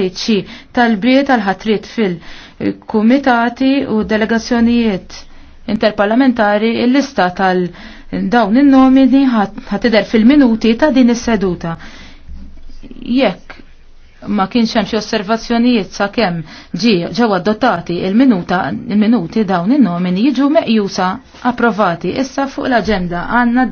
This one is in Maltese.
OHC tal-briet għal-ħatrit fil-kumitati u delegazzjonijiet interparlamentari il-lista tal-dawn il-nomini ħatider fil-minuti ta' din is-seduta. Jekk ma kienx hemm xi osservazzjonijiet sakemm ġew adottati il-minuta il-minuti dawn in-nomini jiġu meqjusa approvati issa fuq l-aġenda għandna